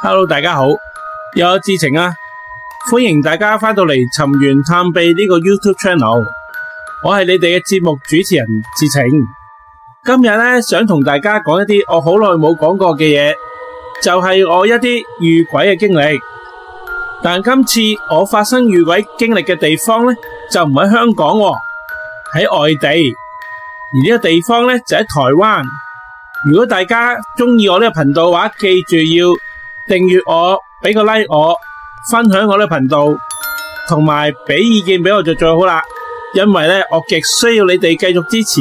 Hello，大家好，又有智澄啊！歡迎大家返到嚟尋源探秘呢個 YouTube channel。我係你哋嘅節目主持人智澄，今日咧想同大家講一啲我好耐冇講過嘅嘢，就係我一啲遇鬼嘅經歷。但今次我發生遇鬼經歷嘅地方咧，就唔喺香港喎，喺外地。而呢個地方咧就喺台灣。如果大家鍾意我呢個頻道嘅話，記住要訂閱我，俾個 like 我，分享我呢個頻道，同埋俾意見俾我就最好啦。因為呢，我極需要你哋繼續支持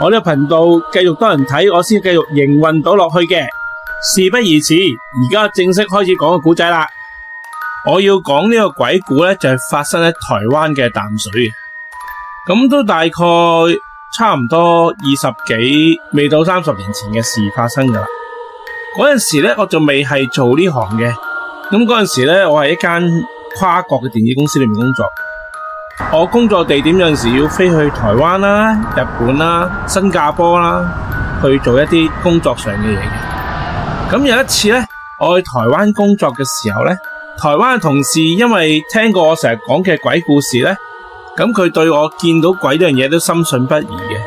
我呢個頻道，繼續多人睇，我先繼續營運到落去嘅。事不宜遲，而家正式開始講個故仔啦。我要講呢個鬼故咧，就係發生喺台灣嘅淡水嘅。咁都大概差唔多二十幾，未到三十年前嘅事發生㗎啦。嗰陣時呢，我仲未係做這行、那個、呢行嘅。咁嗰陣時呢，我係一間跨國嘅電子公司裏面工作。我工作地點有陣時要飛去台灣啦、日本啦、新加坡啦，去做一啲工作上嘅嘢。咁有一次呢，我去台灣工作嘅時候呢，台灣嘅同事因為聽過我成日講嘅鬼故事呢，咁佢對我見到鬼呢樣嘢都深信不疑嘅。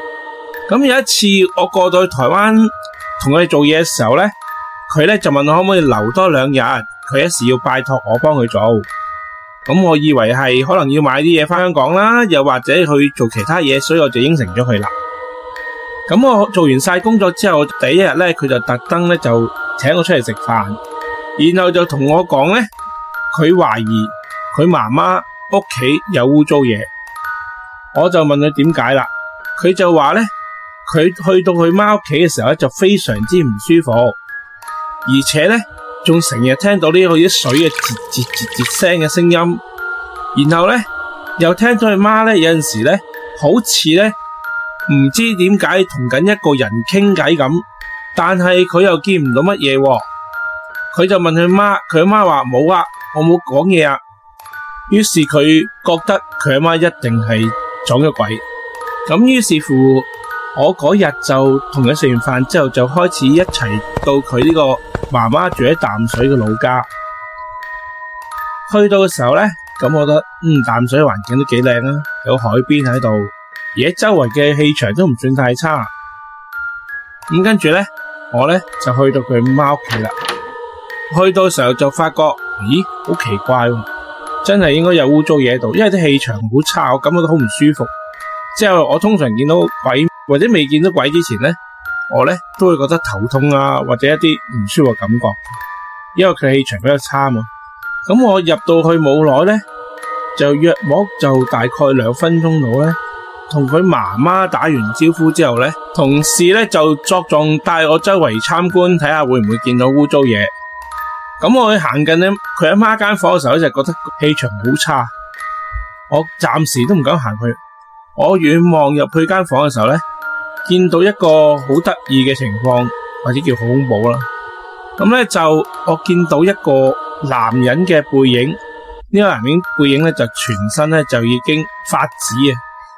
咁有一次我過到去台灣同佢哋做嘢嘅時候呢，佢呢就問我可唔可以留多兩日，佢一時要拜託我幫佢做。咁我以為係可能要買啲嘢返香港啦，又或者去做其他嘢，所以我就應承咗佢啦。咁我做完晒工作之後，第一日呢佢就特登呢就請我出嚟食飯，然後就同我講呢，佢懷疑佢媽媽屋企有污糟嘢，我就問佢點解啦，佢就話呢，佢去到佢媽屋企嘅時候呢就非常之唔舒服。而且呢，仲成日聽到呢，好似啲水嘅吱吱吱吱聲嘅聲音，然後呢，又聽到佢媽咧有陣時咧好似咧唔知點解同緊一個人傾偈咁，但係佢又見唔到乜嘢，佢就問佢媽，佢阿媽話冇啊，我冇講嘢啊。於是佢覺得佢阿媽一定係撞咗鬼，咁於是乎。我嗰日就同佢食完飯之後，就開始一齊到佢呢個媽媽住喺淡水嘅老家。去到嘅時候呢，咁我覺得嗯淡水環境都幾靚啦，有海邊喺度，而且周圍嘅氣場都唔算太差啊。咁、嗯、跟住呢，我呢就去到佢媽屋企啦。去到嘅時候就發覺，咦，好奇怪啊，真係應該有污糟嘢喺度，因為啲氣場好差，我感覺到好唔舒服。之後我通常見到鬼。或者未見到鬼之前咧，我咧都會覺得頭痛啊，或者一啲唔舒服感覺，因為佢氣場比較差嘛。咁我入到去冇耐咧，就約莫就大概兩分鐘到咧，同佢媽媽打完招呼之後咧，同事咧就作狀帶我周圍參觀，睇下會唔會見到污糟嘢。咁我去行近咧佢阿媽間房嘅時候咧，就覺得氣場好差，我暫時都唔敢行去。我遠望入去間房嘅時候咧，見到一個好得意嘅情況，或者叫好恐怖啦。咁咧就我見到一個男人嘅背影，呢個男人背影呢，就全身呢，就已經發紫啊，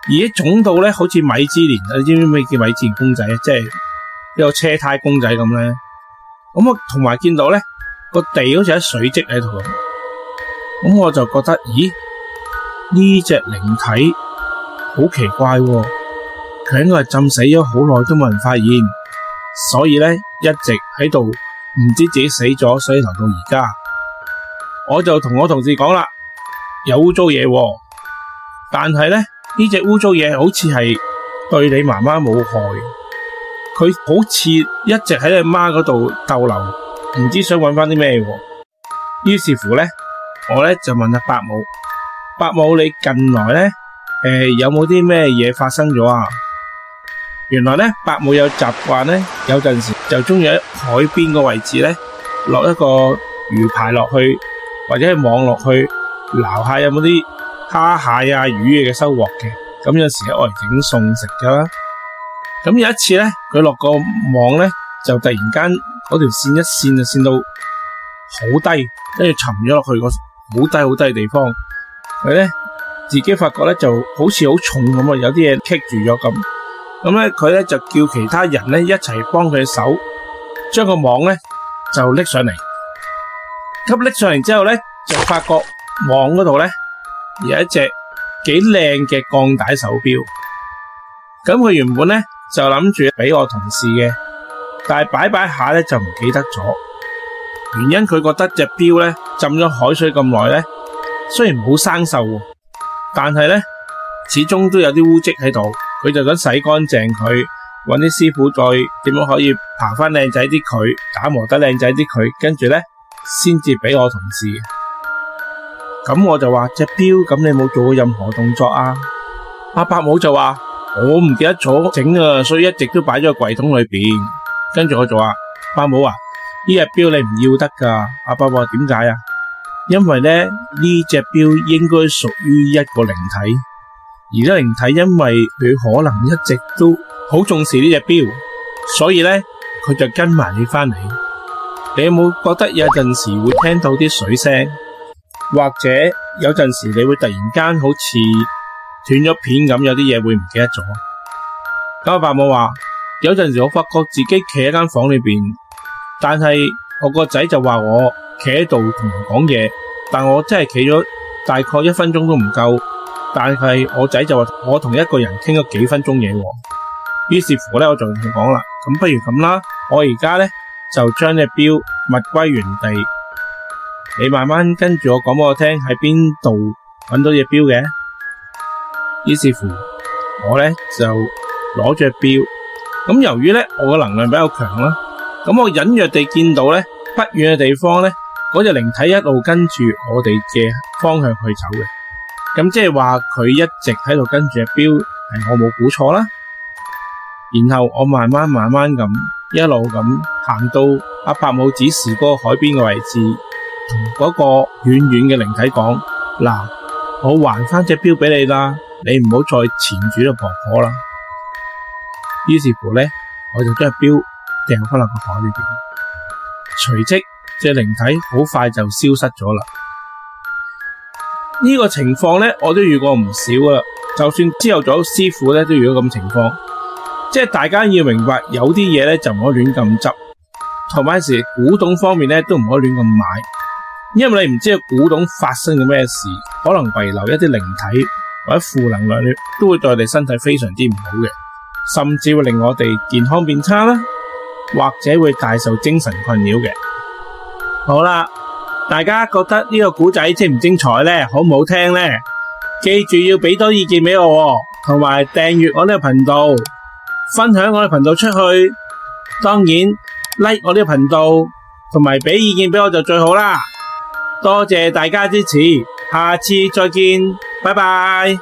而且腫到咧好似米芝蓮，你知唔知咩叫米芝蓮公仔啊？即係有車胎公仔咁咧。咁我同埋見到咧個地好似有水漬喺度。咁我就覺得，咦？呢隻靈體好奇怪喎、啊。佢應該係浸死咗，好耐都冇人發現，所以呢，一直喺度唔知自己死咗，所以留到而家。我就同我同事講啦，有污糟嘢喎，但係呢，呢隻污糟嘢好似係對你媽媽冇害，佢好似一直喺你媽嗰度逗留，唔知想搵翻啲咩。於是乎呢，我呢就問阿、啊、伯母：伯母，你近來呢誒、呃、有冇啲咩嘢發生咗啊？原來呢，伯母有習慣呢。有陣時就中意喺海邊個位置呢，落一個魚排落去，或者係網落去撈下有冇啲蝦蟹啊、魚嘅收穫嘅。咁有時呢，攞嚟整餸食噶啦。咁有一次呢，佢落個網呢，就突然間嗰條線一線就線到好低，跟住沉咗落去個好低好低嘅地方，佢呢，自己發覺呢就好似好重咁啊，有啲嘢棘住咗咁。咁咧，佢咧就叫其他人咧一齊幫佢手，將個網咧就拎上嚟。咁拎上嚟之後咧，就發覺網嗰度咧有一隻幾靚嘅鋼帶手錶。咁佢原本咧就諗住俾我同事嘅，但係擺擺下咧就唔記得咗。原因佢覺得隻錶咧浸咗海水咁耐咧，雖然冇生銹，但係咧始終都有啲污跡喺度。佢就想洗乾淨佢，揾啲師傅再點樣可以爬翻靚仔啲佢，打磨得靚仔啲佢，跟住咧先至俾我同事。咁我就話隻錶，咁、這個、你冇做過任何動作啊？阿伯母就話我唔記得咗整啊，所以一直都擺咗喺櫃桶裏面。」跟住我就話伯母啊，呢隻錶你唔要得噶。阿伯母話點解啊？因為呢，呢隻錶應該屬於一個靈體。而家靈體因為佢可能一直都好重視呢隻表，所以咧佢就跟埋你翻嚟。你有冇覺得有陣時會聽到啲水聲，或者有陣時你會突然間好似斷咗片咁，有啲嘢會唔記得咗？九阿伯母話有陣時我發覺自己企喺間房裏邊，但係我個仔就話我企喺度同人講嘢，但我真係企咗大概一分鐘都唔夠。但係我仔就話我同一個人傾咗幾分鐘嘢，於是乎咧我就同佢講啦，咁不如咁啦，我而家咧就將隻錶物歸原地，你慢慢跟住我講俾我聽喺邊度搵到隻錶嘅，於是乎我呢就攞著錶，咁由於咧我嘅能量比較強啦，咁我隱約地見到咧不遠嘅地方呢，嗰隻靈體一路跟住我哋嘅方向去走嘅。咁即係話佢一直喺度跟住隻表，係我冇估錯啦。然後我慢慢慢慢咁一路咁行到阿伯母指示嗰個海邊嘅位置，同嗰個遠遠嘅靈體講：嗱，我還翻隻表俾你啦，你唔好再纏住阿婆婆啦。於是乎呢，我就將隻表掟翻落個海裏邊，隨即隻靈體好快就消失咗啦。呢個情況咧，我都遇過唔少啦。就算之後做咗師傅咧，都遇過咁情況。即係大家要明白，有啲嘢咧就唔可以亂咁執，同埋有時古董方面咧都唔可以亂咁買，因為你唔知古董發生咗咩事，可能遺留一啲靈體或者負能量，都會對我哋身體非常之唔好嘅，甚至會令我哋健康變差啦，或者會大受精神困擾嘅。好啦。大家覺得呢個古仔精唔精彩呢？好唔好聽呢？記住要俾多意見俾我喎，同埋訂閱我呢個頻道，分享我呢個頻道出去。當然 like 我呢個頻道，同埋俾意見俾我就最好啦。多謝大家支持，下次再見，拜拜。